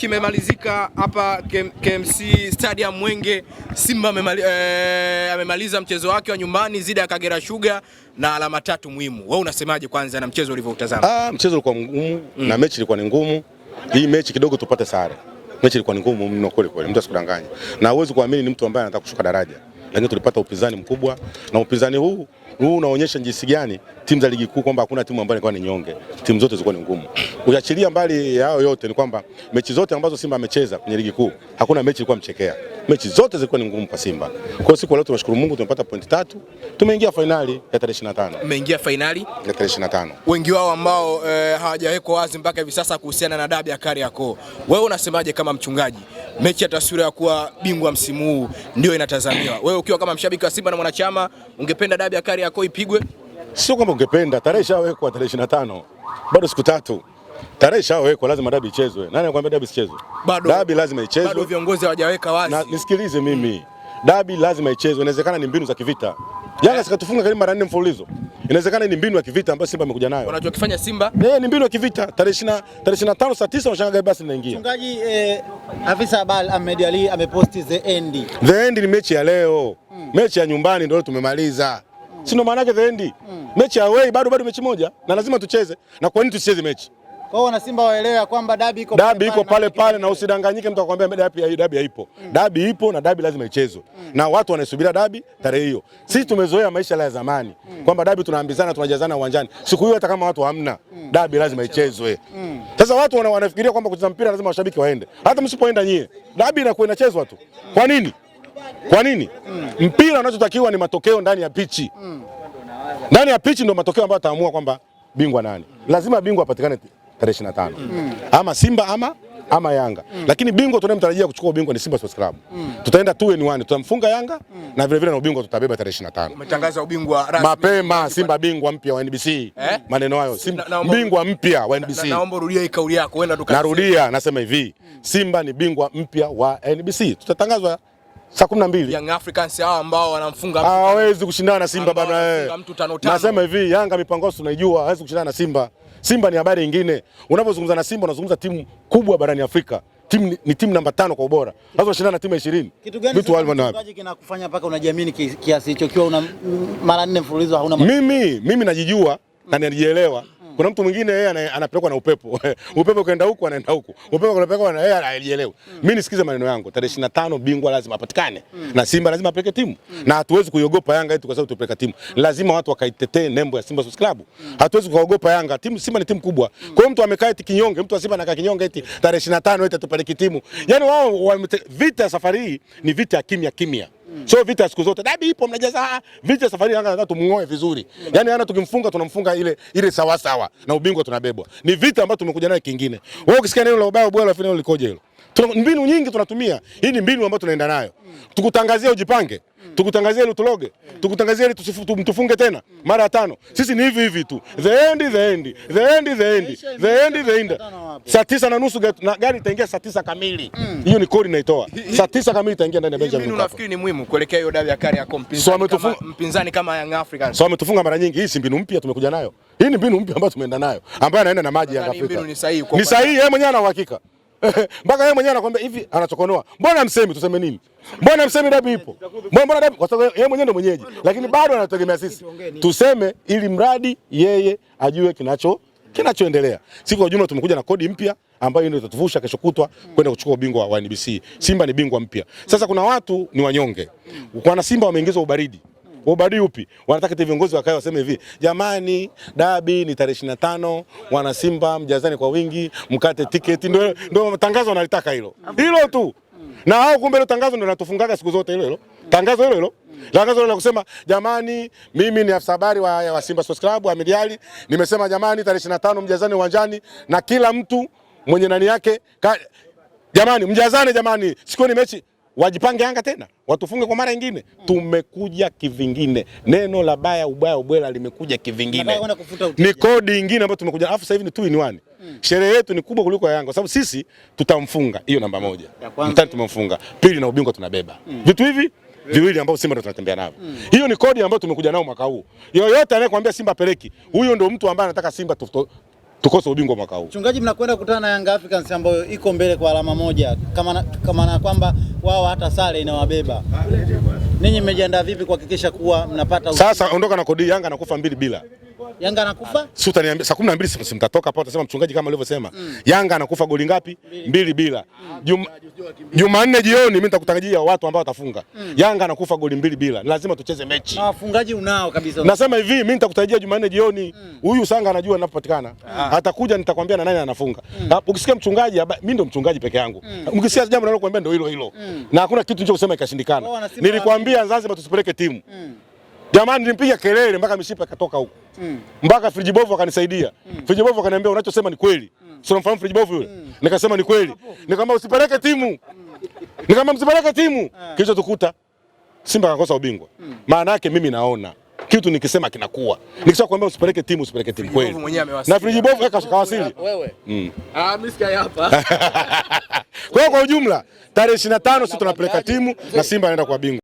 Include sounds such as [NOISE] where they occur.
kimemalizika hapa KMC Stadium Mwenge. Simba eh, amemaliza e, mchezo wake wa nyumbani zidi ya Kagera Sugar na alama tatu muhimu. Wewe unasemaje kwanza na mchezo ulivyoutazama? Ah, mchezo ulikuwa mgumu mm. na mechi ilikuwa ni ngumu. Hii mechi kidogo tupate sare. Mechi ilikuwa ni ngumu mno kweli kweli, mtu asikudanganye. Na huwezi kuamini ni mtu ambaye anataka kushuka daraja lakini tulipata upinzani mkubwa, na upinzani huu huu unaonyesha jinsi gani timu za ligi kuu kwamba hakuna timu ambayo ilikuwa ni nyonge, timu zote zilikuwa ni ngumu. Uachilia mbali yao yote, ni kwamba mechi zote ambazo Simba amecheza kwenye ligi kuu hakuna mechi ilikuwa mchekea mechi zote zilikuwa ni ngumu kwa Simba. Kwa siku leo tunashukuru Mungu tumepata pointi tatu, tumeingia fainali ya tarehe 25. Mmeingia fainali ya tarehe 25. Wengi wao ambao e, hawajawekwa wazi mpaka hivi sasa kuhusiana na dabi ya Kariakoo. Wewe unasemaje kama mchungaji, mechi ya taswira ya kuwa bingwa msimu huu ndio inatazamiwa. Wewe ukiwa kama mshabiki wa Simba na mwanachama, ungependa dabi ya Kariakoo ipigwe? Sio kwamba ungependa, tarehe ishawekwa tarehe 25, bado siku tatu. Tarehe ishawekwa lazima dabi ichezwe. Nani anakuambia dabi sichezwe? Bado dabi lazima ichezwe. Bado viongozi hawajaweka wazi. Na nisikilize mimi. Dabi lazima ichezwe. Inawezekana ni mbinu za kivita. Yanga eh. sikatufunga karibu mara nne mfululizo. Inawezekana ni mbinu ya kivita ambayo Simba amekuja nayo. Wanachokifanya Simba? Eh, ni mbinu ya kivita. Tarehe 20 tarehe 25 saa 9 wanashangaa basi linaingia. Mchungaji, eh, afisa habari Ahmed Ali amepost the end. The end ni mechi ya leo. Mm. Mechi ya nyumbani ndio tumemaliza. Mm. Si ndo maana yake the end. Mm. Mechi ya away bado bado mechi moja na lazima tucheze. Na kwa nini tusicheze mechi? Kwa hiyo wanasimba waelewe ya kwamba dabi iko dabi iko pale pale, na usidanganyike mtu akwambia dabi dabi haipo. Mm. Dabi ipo na dabi lazima ichezwe, mm. na watu wanasubiria dabi tarehe hiyo. Mm. Sisi tumezoea maisha ya zamani kwamba dabi tunaambizana, tunajazana uwanjani. Siku hiyo hata kama watu hamna, dabi lazima ichezwe. Sasa watu wanafikiria kwamba kucheza mpira lazima washabiki waende. Hata msipoenda nyie, dabi inakuwa inachezwa tu. Kwa nini? Kwa nini? Mpira unachotakiwa ni matokeo ndani ya pichi. Ndani ya pichi ndio matokeo ambayo ataamua kwamba bingwa nani. Lazima bingwa apatikane tarehe 25 mm. ama Simba ama ama Yanga mm. Lakini bingwa tunayemtarajia kuchukua ubingwa ni Simba Sports Club mm. Tutaenda two and one, tutamfunga Yanga mm. na vile vile na ubingwa tutabeba tarehe 25. Umetangaza ubingwa rasmi mapema, Simba bingwa mpya wa NBC eh? Maneno hayo Simba na, na bingwa mpya wa NBC. na, na, Naomba rudia kauli yako, wenda tukasema. Narudia nasema hivi mm. Simba ni bingwa mpya wa NBC, tutatangazwa saa 12 na Young Africans hao ambao wanamfunga hawezi kushindana na Simba bana, eh. nasema hivi Yanga mipango yao tunaijua, hawezi kushindana na Simba Simba ni habari nyingine. Unapozungumza na Simba unazungumza timu kubwa barani Afrika. Timu ni ni timu namba tano kwa ubora. Lazima shindana na timu ya 20. Kitu gani vitu walivyo nayo? Kinakufanya mpaka unajiamini kiasi hicho kiwa una mara nne mfululizo hauna. Mimi mimi najijua na ninajielewa kuna mtu mwingine yeye anapelekwa na upepo [LAUGHS] upepo kaenda huko anaenda huko. upepo unapelekwa na yeye anaelewa. Mm. Mimi nisikize maneno yangu, tarehe 25 bingwa lazima apatikane mm. na Simba lazima apeleke timu mm. na hatuwezi kuiogopa Yanga yetu kwa sababu tupeleka timu, lazima watu wakaitetee nembo ya Simba Sports Club. Hatuwezi kuogopa Yanga timu, Simba ni timu kubwa. Kwa hiyo mtu amekaa eti kinyonge, mtu wa Simba anakaa kinyonge eti tarehe 25 eti atupeleke timu, yani wao vita safari hii ni vita ya kimya kimya. Sio vita siku zote dabi ipo, mnajaza vita safari. Yanga nataka tumngoe vizuri mm. Yaani Yani Yanga tukimfunga tunamfunga ile ile sawa sawa, na ubingwa tunabebwa. Ni vita ambayo tumekuja nayo kingine. Wewe ukisikia neno la ubaya bwana afu neno likoje hilo? Tuna mbinu nyingi tunatumia, hii ni mbinu ambayo tunaenda nayo mm. Tukutangazia ujipange Tukutangazie mm. Lutologe, tukutangazie ili mm. tusifunge tena mm. mara ya tano. Sisi ni hivi hivi tu, the end the end the end the end the end the end. Saa tisa na nusu na gari itaingia saa tisa kamili. Hiyo ni kodi naitoa. Saa tisa kamili itaingia ndani ya Benjamin Mkapa. nafikiri ni muhimu kuelekea hiyo dabi ya Kariakoo mpinzani ametufunga mpinzani kama Young Africans? So ametufunga mara nyingi. Hii si mbinu mpya tumekuja nayo. Hii ni mbinu mpya ambayo tumeenda nayo, ambayo anaenda na maji ya Afrika. Ni sahihi, yeye mwenyewe ana uhakika. [LAUGHS] mpaka yeye mwenyewe anakuambia hivi, anachokonoa, mbona msemi? Tuseme nini? Mbona msemi dabi ipo? Mbona dabi? Kwa sababu yeye mwenyewe ndio mwenyeji, lakini bado anategemea sisi tuseme, ili mradi yeye ajue kinacho kinachoendelea. Siku kwa ujumla, tumekuja na kodi mpya ambayo ndio itatuvusha kesho kutwa kwenda kuchukua ubingwa wa NBC. Simba ni bingwa mpya sasa. Kuna watu ni wanyonge, wana Simba wameingizwa ubaridi ubadili upi? Wanataka te viongozi wakae waseme hivi, jamani, dabi ni tarehe 25, wana Simba mjazani kwa wingi, mkate tiketi. Ndio ndio tangazo wanalitaka hilo hilo tu, na hao kumbe ile tangazo ndio natufungaga siku zote, hilo hilo tangazo hilo hilo tangazo la kusema jamani, mimi ni afisa habari wa, wa Simba Sports Club wa Ally, nimesema jamani, tarehe 25 mjazani uwanjani na kila mtu mwenye nani yake ka, jamani mjazane jamani, siku ni mechi wajipange Yanga tena watufunge kwa mara nyingine. Mm. Tumekuja kivingine, neno la baya ubaya ubwela limekuja kivingine, ni kodi nyingine ambayo tumekuja. Alafu sasa hivi ni tui ni mm. Sherehe yetu ni kubwa kuliko Yanga sababu sisi tutamfunga, hiyo namba moja mtani tumemfunga, pili na ubingwa tunabeba mm. vitu hivi viwili ambao Simba ndo tunatembea navyo mm. Hiyo ni kodi ambayo tumekuja nao mwaka huu. Yoyote anayekwambia Simba peleki, huyo ndo mtu ambaye anataka Simba tukose ubingwa mwaka huu. Mchungaji, mnakwenda kukutana na Young Africans ambayo iko mbele kwa alama moja, kama na, kama na kwamba wao hata sare inawabeba ninyi. Mmejiandaa vipi kuhakikisha kuwa mnapata Sasa ondoka na kodi Yanga nakufa mbili bila Yanga anakufa? Si utaniambia saa 12 mtatoka hapo utasema mchungaji kama ulivyosema. Mm. Yanga anakufa goli ngapi? Mbili bila. Mm. Jum, Jumanne jioni mimi nitakutajia watu ambao watafunga. Mm. Yanga anakufa goli mbili bila. Lazima tucheze mechi. Na wafungaji unao kabisa. Nasema hivi mimi nitakutajia Jumanne jioni mm. huyu mm. Sanga anajua ninapopatikana. Mm. Ah. Atakuja nitakwambia na nani anafunga. Mm. Ukisikia mchungaji mimi ndo mchungaji peke yangu. Mm. Ukisikia jambo nalo kuambia ndo hilo hilo. Mm. Na hakuna kitu nicho kusema ikashindikana. Oh, Nilikwambia Zanzibar tusipeleke timu. Mm. Jamani nilimpiga kelele mpaka mishipa ikatoka huko mm. mpaka Friji Bovu akanisaidia mm. Friji Bovu akaniambia unachosema ni kweli mm. sio unamfahamu Friji Bovu yule mm. nikasema ni kweli mm. nikamwambia usipeleke timu mm. nikamwambia msipeleke timu yeah. tukuta Simba akakosa ubingwa mm. maana yake mimi naona kitu nikisema kinakuwa mm. nikisha kuambia usipeleke timu usipeleke timu kweli, na Friji Bovu kaka kawasili wewe mm. ah mimi sikia hapa. [LAUGHS] Kwa kwa ujumla tarehe 25 sisi tunapeleka timu na Simba anaenda kwa bingwa.